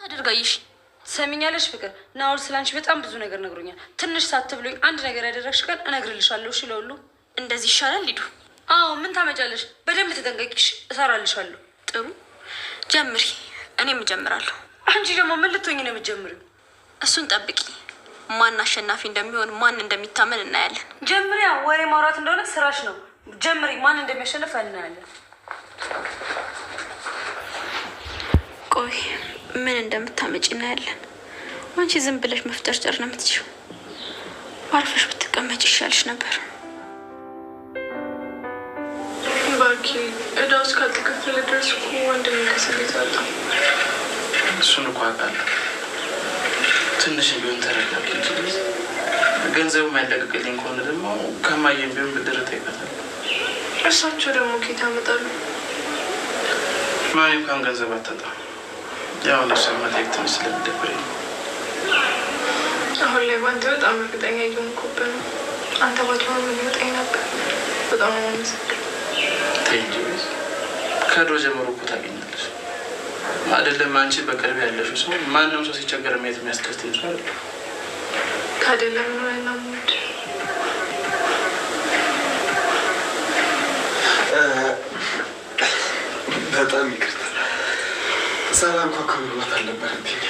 ታደርጋይሽ ሰሚኛለሽ ፍቅር ናውል ስላንቺ በጣም ብዙ ነገር ነግሮኛል። ትንሽ ሳትብሎኝ አንድ ነገር ያደረግሽ ቀን እነግርልሻለሁ። እሺ ለሁሉ እንደዚህ ይሻላል። ሊዱ አዎ ምን ታመጫለሽ? በደንብ ተጠንቀቂሽ። እሰራልሻለሁ። ጥሩ ጀምሪ፣ እኔም እጀምራለሁ። አንቺ ደግሞ ምን ልትሆኝ ነው የምትጀምሪው? እሱን ጠብቂ። ማን አሸናፊ እንደሚሆን ማን እንደሚታመን እናያለን። ጀምሪያ፣ ወሬ ማውራት እንደሆነ ስራሽ ነው። ጀምሪ፣ ማን እንደሚያሸንፍ እናያለን። ቆይ ምን እንደምታመጭ እናያለን። አንቺ ዝም ብለሽ መፍጨርጨር ነው የምትችው። አርፈሽ ብትቀመጭ ይሻልሽ ነበር። ባኪ እዳ ውስጥ ካልተከፈለ ድረስ እኮ ወንድም ከስሌታለ። እሱን እኮ አውቃለሁ። ትንሽ ቢሆን ተረጋግ። ገንዘቡ ያለቀቅልኝ ከሆነ ደግሞ ከማየን ቢሆን ብድር እጠይቃታለሁ። እርሳቸው ደግሞ ኬት ያመጣሉ? ማየም እንኳን ገንዘብ አታጣም። ያው ለእሷ መልዕክትም ስለሚደብረኝ አሁን ላይ ባንተ በጣም እርግጠኛ እየሆንኩብህ ነው። አንተ ባትሆን ምን የሚወጣኝ ነበር። በጣም ምስክር ተይኝ እንጂ ከድሮ ጀምሮ እኮ ታገኛለች አይደለም። አንቺ በቅርብ ያለሽው ሰው ማንም ሰው ሲቸገር ማየት የሚያስደስት ይዟል አይደለም ነው በጣም ይቅርታ ሰላም ኮከ መግባት አልነበረብኝም።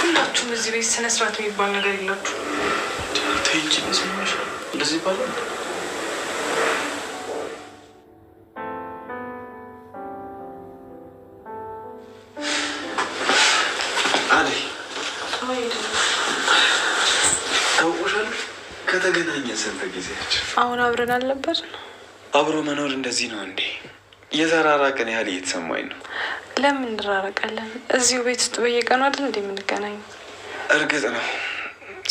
ሁላችሁም እዚህ ቤት ስነ ስርዓት የሚባል ነገር የላችሁ። እንደዚህ ይባላል። ታውቆሻል። ከተገናኘን ስንት ጊዜያችን? አሁን አብረን አልነበር አብሮ መኖር እንደዚህ ነው እንዴ? የተራራቅን ያህል እየተሰማኝ ነው። ለምን እንራረቃለን? እዚሁ ቤት ውስጥ በየቀኑ አይደል እንዴ የምንገናኝ? እርግጥ ነው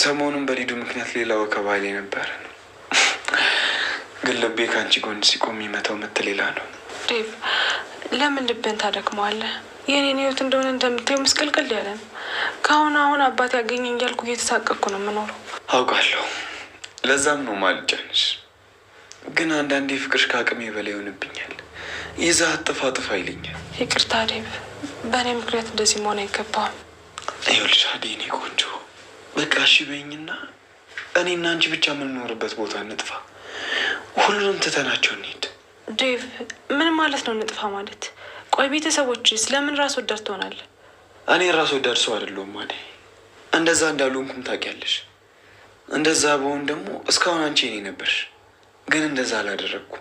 ሰሞኑን በሊዱ ምክንያት ሌላ ወከባ ላይ ነበር፣ ግን ልቤ ከአንቺ ጎን ሲቆም የሚመታው ምት ሌላ ነው። ዴቭ ለምን ልብን ታደክመዋለህ? የእኔን ህይወት እንደሆነ እንደምታየው ምስቅልቅል ያለ ነው። ከአሁን አሁን አባት ያገኘኝ እያልኩ እየተሳቀቅኩ ነው የምኖረው። አውቃለሁ። ለዛም ነው ማልጫነሽ ግን አንዳንዴ ፍቅርሽ ከአቅሜ በላይ ይሆንብኛል። ይዛ ጥፋ ጥፋ ይለኛል። ይቅርታ ዴብ በእኔ ምክንያት እንደዚህ መሆን አይገባም። ይኸውልሽ አዴኔ ቆንጆ በቃ እሺ በይኝና እኔና አንቺ ብቻ የምንኖርበት ቦታ እንጥፋ። ሁሉንም ትተናቸው እንሂድ። ዴቭ፣ ምን ማለት ነው እንጥፋ ማለት? ቆይ ቤተሰቦች ስለምን ራስ ወዳድ ትሆናል? እኔ ራስ ወዳድ ሰው አይደለሁም አደይ። እንደዛ እንዳሉ እንኩም ታውቂያለሽ። እንደዛ በሆን ደግሞ እስካሁን አንቺ እኔ ነበርሽ። ግን እንደዛ አላደረግኩ።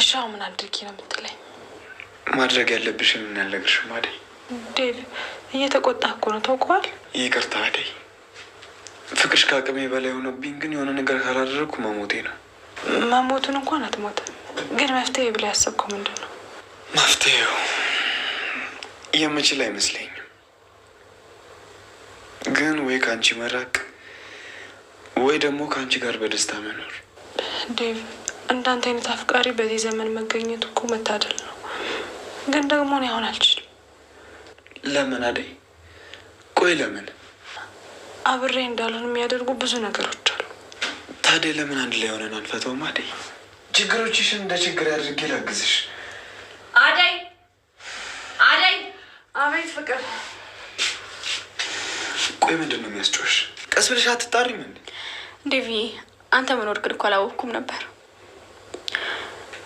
እሺ ምን አድርጊ ነው የምትለኝ? ማድረግ ያለብሽን እናለግርሽም። አደይ ዴቭ እየተቆጣ እኮ ነው ታውቀዋል። ይቅርታ አደይ፣ ፍቅሽ ከአቅሜ በላይ ሆነብኝ ግን የሆነ ነገር ካላደረግኩ መሞቴ ነው። መሞቱን እንኳን አትሞትም፣ ግን መፍትሄ ብላ ያሰብከው ምንድን ነው? መፍትሄው የምችል አይመስለኝም፣ ግን ወይ ከአንቺ መራቅ ወይ ደግሞ ከአንቺ ጋር በደስታ መኖር ዴቭ እንዳንተ አይነት አፍቃሪ በዚህ ዘመን መገኘት እኮ መታደል ነው። ግን ደግሞ እኔ አሁን አልችልም። ለምን አደይ? ቆይ ለምን አብሬ እንዳልሆን የሚያደርጉ ብዙ ነገሮች አሉ። ታዲያ ለምን አንድ ላይ ሆነን አንፈተውም? አደይ ችግሮችሽን እንደ ችግር አድርጌ ላግዝሽ። አደይ አደይ! አቤት ፍቅር። ቆይ ምንድን ነው የሚያስጮሽ? ቀስ ብለሽ አትጣሪም እንዴ? ዴቪ አንተ መኖር ግን እኮ አላወቅኩም ነበር።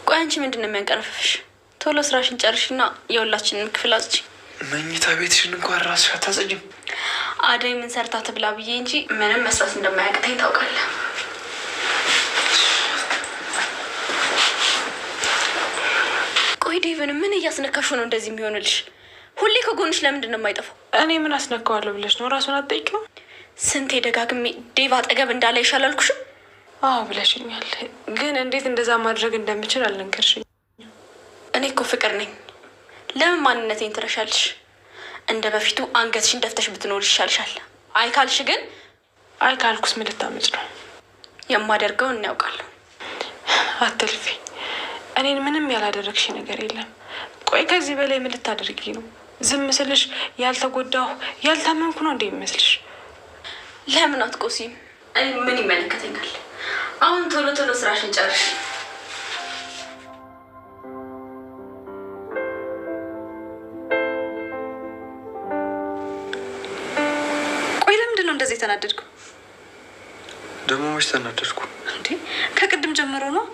ቆይ አንቺ ምንድን ነው የሚያንቀረፍፍሽ? ቶሎ ስራሽን ጨርሽና የሁላችንን ክፍል አጽጂ። መኝታ ቤትሽን እንኳ ራስሽ አታጽጂም። አደይ ምን ሰርታ ትብላ ብዬ እንጂ ምንም መስራት እንደማያቅተኝ ታውቃለህ። ቆይ ዴቭን ምን እያስነካሽ ነው እንደዚህ የሚሆንልሽ? ሁሌ ከጎንሽ ለምንድን ነው የማይጠፋው? እኔ ምን አስነካዋለሁ ብለሽ ነው ራሱን አትጠይቂው። ስንቴ ደጋግሜ ዴቭ አጠገብ እንዳለ ይሻላልኩሽም አዎ ብለሽኛል፣ ግን እንዴት እንደዛ ማድረግ እንደምችል አልነገርሽኝ። እኔ እኮ ፍቅር ነኝ። ለምን ማንነቴን ትረሻለሽ? እንደ በፊቱ አንገትሽን ደፍተሽ ብትኖር ይሻልሻል። አይ ካልሽ ግን አይ ካልኩስ ምን ልታመጭ ነው? የማደርገው እናያውቃለሁ። አትልፊ። እኔን ምንም ያላደረግሽ ነገር የለም። ቆይ ከዚህ በላይ ምን ልታደርጊ ነው? ዝም ስልሽ ያልተጎዳሁ ያልታመንኩ ነው እንደ ይመስልሽ? ለምን አትቆሲም? ምን ይመለከተኛል? አሁን ቶሎ ቶሎ ስራሽን ጨርሽ። ቆይ ለምንድን ነው እንደዚህ የተናደድኩ? ደግሞ መች ተናደድኩ እንዴ? ከቅድም ጀምሮ ነው።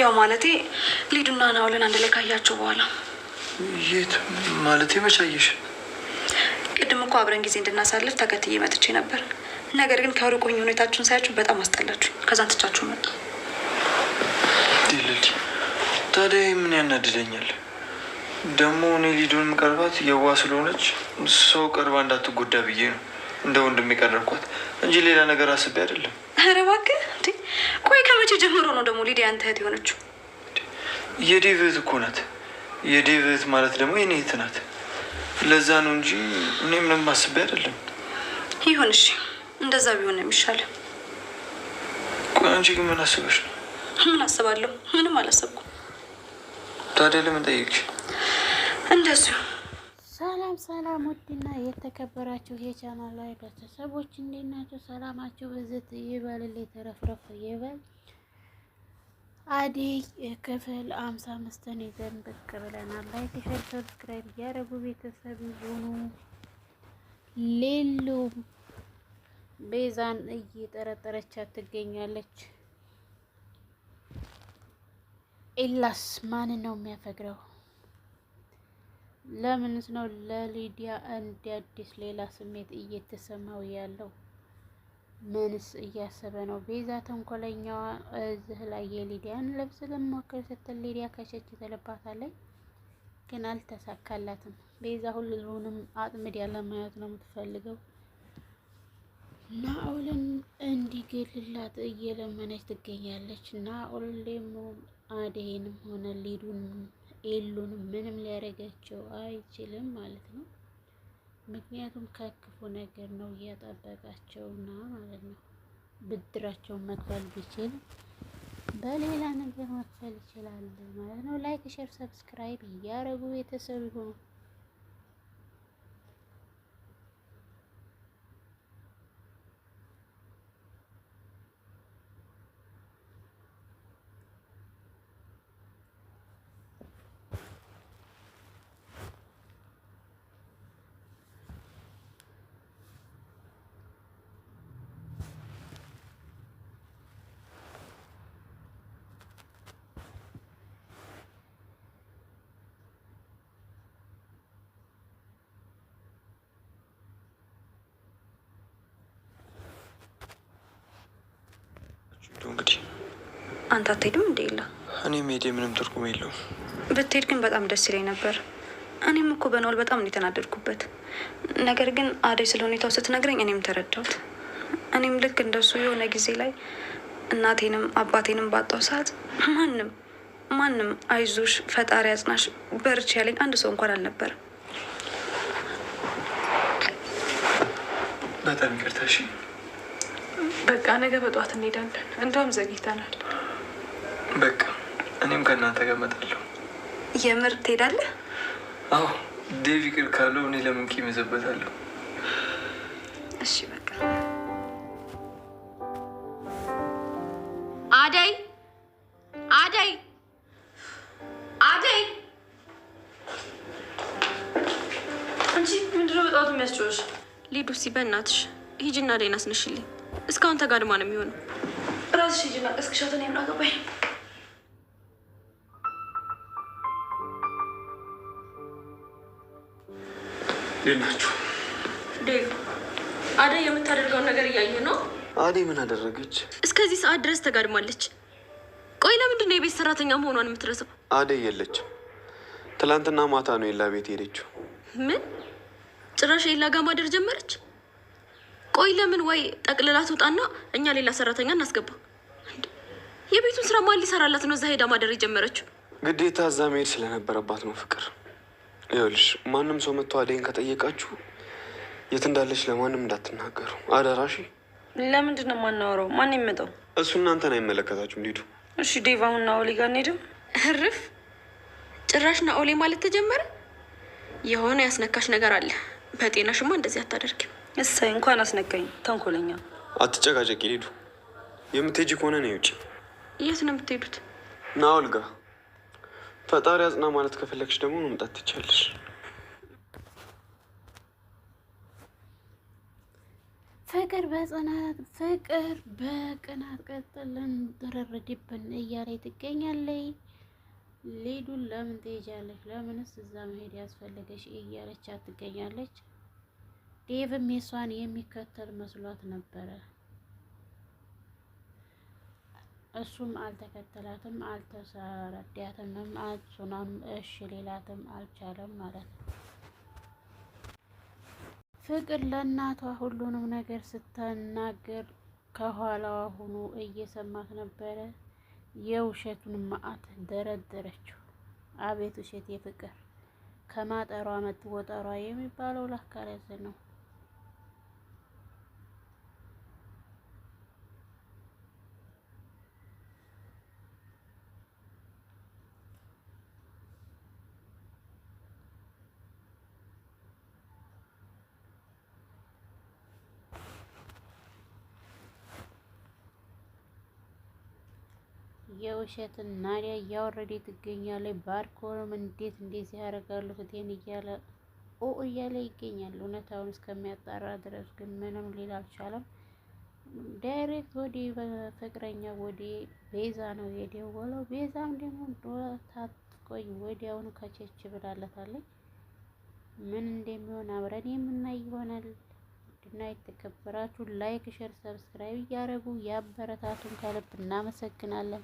ያው ማለቴ ሊዱና ናውልን አንድ ላይ ካያችሁ በኋላ የት ማለቴ መቻየሽ? ቅድም እኮ አብረን ጊዜ እንድናሳልፍ ተከትዬ መጥቼ ነበር። ነገር ግን ከሩቆኝ ሁኔታችሁን ሳያችሁ በጣም አስጠላችሁ። ከዛን ትቻችሁ መጣ። ታዲያ ምን ያናድደኛል? ደግሞ እኔ ሊዶን የምቀርባት የዋ ስለሆነች ሰው ቀርባ እንዳትጎዳ ብዬ ነው እንደ ወንድም የቀረብኳት እንጂ ሌላ ነገር አስቤ አይደለም። ኧረ እባክህ ቆይ፣ ከመቼ ጀምሮ ነው ደግሞ ሊዲ አንተ እህት የሆነችው? የዴቭ እህት እኮ ናት። የዴቭ እህት ማለት ደግሞ የኔ እህት ናት። ለዛ ነው እንጂ እኔ ምንም አስቤ አይደለም። ይሁን እሺ። እንደዛ ቢሆን ነው የሚሻለው። አንቺ ግን ምን አስበሽ ነው? ምን አስባለሁ? ምንም አላሰብኩም። ታዲያ ለምን ጠየቅሽ? እንደዚሁ። ሰላም ሰላም፣ ውድና የተከበራችሁ የቻናል ላይ ቤተሰቦች እንዴት ናችሁ? ሰላማችሁ ብዝት ይበልልኝ፣ ተረፍረፍ ይበል። አደይ ክፍል አምሳ አምስትን ይዘን ብቅ ብለናል። ላይክ፣ ሼር፣ ሰብስክራይብ እያደረጉ ቤተሰብ ይሁኑ። ሌሉም ቤዛን እየጠረጠረቻት ትገኛለች። ኤላስ ማን ነው የሚያፈቅረው? ለምንስ ነው ለሊዲያ እንዲ አዲስ ሌላ ስሜት እየተሰማው ያለው? ምንስ እያሰበ ነው? ቤዛ ተንኮለኛዋ እዚህ ላይ የሊዲያን ልብስ ልሞክር ስትል ሊዲያ ከሸች ትልባታለች፣ ግን አልተሳካላትም። ቤዛ ሁሉንም አጥምድ ያለ ነው የምትፈልገው። ናኦልን እንዲገልላት እየለመነች ትገኛለች። ናኦል ደግሞ አደይንም ሆነ ሊዱን ኤሉን ምንም ሊያደርጋቸው አይችልም ማለት ነው። ምክንያቱም ከክፉ ነገር ነው እያጠበቃቸውና ማለት ነው። ብድራቸውን መክፈል ቢችል በሌላ ነገር መክፈል ይችላል ማለት ነው። ላይክ፣ ሼር፣ ሰብስክራይብ እያደረጉ ቤተሰብ ይሆኑ። አንተ አትሄድም እንደ የለ እኔ ሄዴ ምንም ትርጉም የለውም። ብትሄድ ግን በጣም ደስ ይለኝ ነበር። እኔም እኮ በነዋል በጣም ነው ነገር ግን አደይ ስለ ሁኔታው ስትነግረኝ እኔም ተረዳሁት። እኔም ልክ እንደሱ የሆነ ጊዜ ላይ እናቴንም አባቴንም ባጣው ሰዓት ማንም ማንም አይዞሽ፣ ፈጣሪ አጽናሽ፣ በርቺ ያለኝ አንድ ሰው እንኳን አልነበረም። በጣም ይቅርታ። በቃ ነገ በጠዋት እንሄዳለን። እንደውም ዘግይተናል። በቃ እኔም ከእናንተ ጋር እመጣለሁ። የምር ትሄዳለህ? አዎ፣ ዴቪ ቅር ካለው እኔ ለምን ቂም ይዘበታለሁ? እሺ በቃ አደይ አደይ አደይ፣ አንቺ ምንድነው በጣቱ በጣም ሊዱ ሲ በእናትሽ ሂጂና አደይን አስነሽልኝ። እስካሁን ተጋድማ ነው የሚሆነው። ራስሽ ሂጂና እስክሻተን እኔ እንዴት ናችሁ? ዴቭ አደይ የምታደርገውን ነገር እያየ ነው። አደይ ምን አደረገች? እስከዚህ ሰዓት ድረስ ተጋድማለች። ቆይ ለምንድን ነው የቤት ሰራተኛ መሆኗን የምትረሳው? አደይ የለችም። ትላንትና ማታ ነው የላ ቤት ሄደችው። ምን ጭራሽ የላ ጋር ማደር ጀመረች? ቆይ ለምን ወይ ጠቅልላ ትውጣና እኛ ሌላ ሰራተኛ እናስገባ። የቤቱን ስራ ማን ሊሰራላት ነው? እዛ ሄዳ ማደር የጀመረችው ግዴታ እዛ መሄድ ስለነበረባት ነው ፍቅር ይኸውልሽ ማንም ሰው መጥቶ አደይን ከጠየቃችሁ የት እንዳለች ለማንም እንዳትናገሩ አደራሽ። ለምንድን ነው የማናወራው? ማን የመጣው? እሱ እናንተን አይመለከታችሁም። ሊዱ እሺ፣ ዴቭ አሁን ናኦሌ ጋር እንሄድም። እርፍ! ጭራሽ ናኦሌ ማለት ተጀመረ። የሆነ ያስነካሽ ነገር አለ። በጤናሽማ እንደዚህ አታደርግ? እሰይ እንኳን አስነካኝ። ተንኮለኛ አትጨቃጨቂ ሊዱ። የምትሄጂ ከሆነ ነው ውጭ። የት ነው የምትሄዱት? ናኦል ጋር ፈጣሪ አጽና ማለት ከፈለግሽ ደግሞ መምጣት ትቻለሽ። ፍቅር በጽናት ፍቅር በቅናት ቀጥለን ተረረድብን እያለኝ ትገኛለች። ሌዱን ለምን ትሄጃለች? ለምንስ እዛ መሄድ ያስፈለገች እያለች ትገኛለች። ዴቭም የሷን የሚከተል መስሏት ነበረ። እሱም አልተከተላትም፣ አልተረዳትምም፣ እሱንም እሺ ሌላትም አልቻለም ማለት ነው። ፍቅር ለእናቷ ሁሉንም ነገር ስትናገር ከኋላዋ ሆኖ እየሰማት ነበረ። የውሸቱን መዓት ደረደረችው። አቤት ውሸት! የፍቅር ከማጠሯ መትወጠሯ የሚባለው ላካለዝ ነው። የውሸትን ናዲያ እያወረደ ትገኛለች። ባርኮንም እንዴት እንደዚህ ያደርጋሉ ፍቴን እያለ ኦ እያለ ይገኛል። እውነታውን እስከሚያጣራ ድረስ ግን ምንም ሊል አልቻለም። ዳይሬክት ወደ ፍቅረኛ ወደ ቤዛ ነው የደወለው። ቤዛም ደግሞ ታጥቆኝ ወዲያውኑ ከቸች ብላለታለች። ምን እንደሚሆን አብረን የምናይ ይሆናል። ውድና የተከበራችሁ ላይክ፣ ሸር፣ ሰብስክራይብ እያደረጉ ያበረታቱን ከልብ እናመሰግናለን።